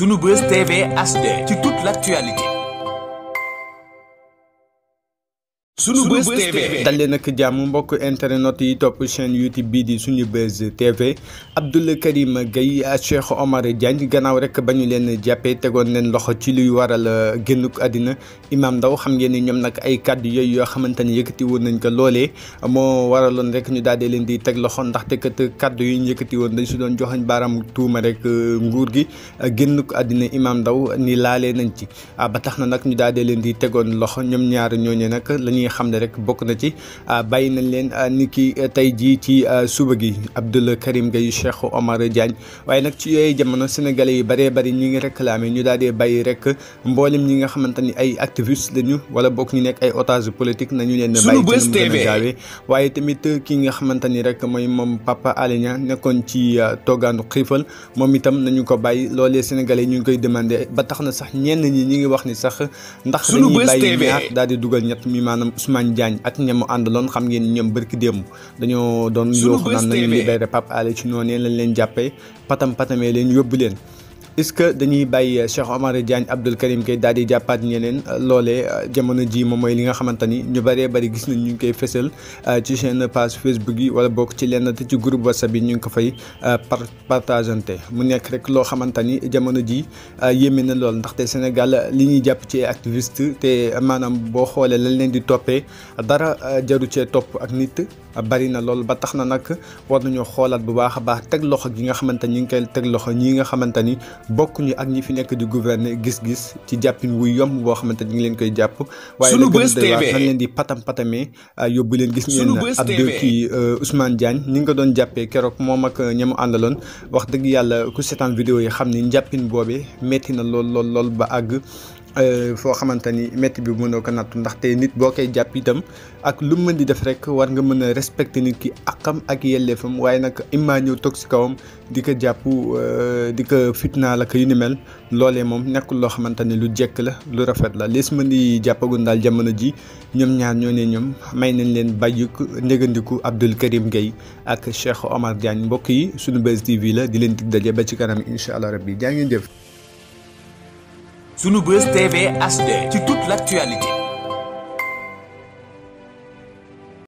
Sunubuzz TV HD ci toute l'actualité sunu buzz TV leen ak jàmm mbokk internet yi topp chaîne youtube bii di suñu buzz TV Abdoul Karim Gueye Cheikh Omar Diagne gannaaw rek ba ñu leen jàppee tegoon leen loxo ci luy waral euh, génnuk àddina Imam Ndao xam ngeen ni ñoom nag ay kàddu yooyu yoo xamante ni yëkkati woon nañ ko loolee moo waraloon rek ñu daal di leen di teg loxo ndaxte kat kàddu yi ñu yëkkati woon dañ si doon joxañ baaraam tuuma rek euh, nguur gi euh, génnuk àddina Imam Ndao ni laalee nañ ci ah, ba tax na nag ñu daal di leen di tegoon loxo ñoom ñaar ñooñu nag nga xam ne rek bokk na ci ah, bàyyi nañ leen ah, ni ki ah, tey jii ci suba gi Abdoul Karim Gueye Cheikh Omar Diagne waaye nag ci yooyu jamono sénégalais yi bëree bëri ñi ngi réclamé ñu daal di bàyyi rek mboolem ñi nga xamante ni ay activistes lañu wala bokk ñu nekk otage politique nañu leen bàyyi gaawee waaye tamit ki nga xamante ni rek mooy moom Papa Alé Niang nekkoon ci toggaanu xiifal moom itam nañu ko bàyyi loolee sénégalais yi ñu ngi koy demandé ba tax na sax ñenn ñi ñi ngi wax ni sax ndax dañuy bàyyi ñaar daal dugal ñett mi Ousmane Diagne ak ñamu àndaloon xam ngeen ñoom bërki démb dañoo doon yooxu naan nañu libéré Pape Alé ci noonu leen lañ leen jàppee patam patamee leen yóbbu leen est-ce que dañuy bàyyi euh, Cheikh Omar Diagne Abdoul Karim Gueye daal di jàppaat ñeneen euh, loolee euh, jamono ji moom mooy li nga xamante ni ñu bëree bëri gis nañ ñu ngi koy fësal ci seen page Facebook yi wala bokk ci lenn te ci groupe WhatsApp yi ñu ngi ko fay par mu nekk rek loo xamante ni jamono ji yéeme na lool ndaxte Sénégal li ñuy jàpp ci activiste te maanaam boo xoolee lañ leen di toppee dara jaru cee topp ak nit bari na lool ba tax na nag war nañoo xoolaat bu baax a baax teg loxo gi nga xamante ni ñu ngi koy teg loxo ñii nga xamante ni bokkuñu ak ñi fi nekk di gouverner gis-gis ci jàppin wu yomb boo xamante ni ngi leen koy jàpp. waaye nag dañ leen di patam patamee ah, yóbbu leen gis ngeen Abdou kii euh, usmaan Diagne ñi nga ko doon jàppee keroog moom ak euh, ñamu àndaloon wax dëgg yàlla ku seetaan vidéo yi xam ni njàppin boobee metti na lool lool lool ba àgg. Euh, foo xamante ni métti bi mënoo ko nattu ndax te nit boo koy jàpp itam ak lu mën di def rek war nga mën a respecter nit ki akam ak yelleefam waaye nag immaa ñëw toog si kawam di ko jàpp euh, di ko fitnaal ak yu ni mel loolee moom nekkul loo xamante ni lu jekk la lu rafet la lees mën di jàppagun daal jamono ji ñoom ñaar ñoo ne ñoom may nañ leen bàyyuk ndégandiku Abdoul Karim Gueye ak Cheikh Omar Diagne mbokk yi Sunubuzz TV la di leen dig daje ba ci kanam incha allah rabbi jaa jëf Sunubuzz TV HD ci toute l'actualité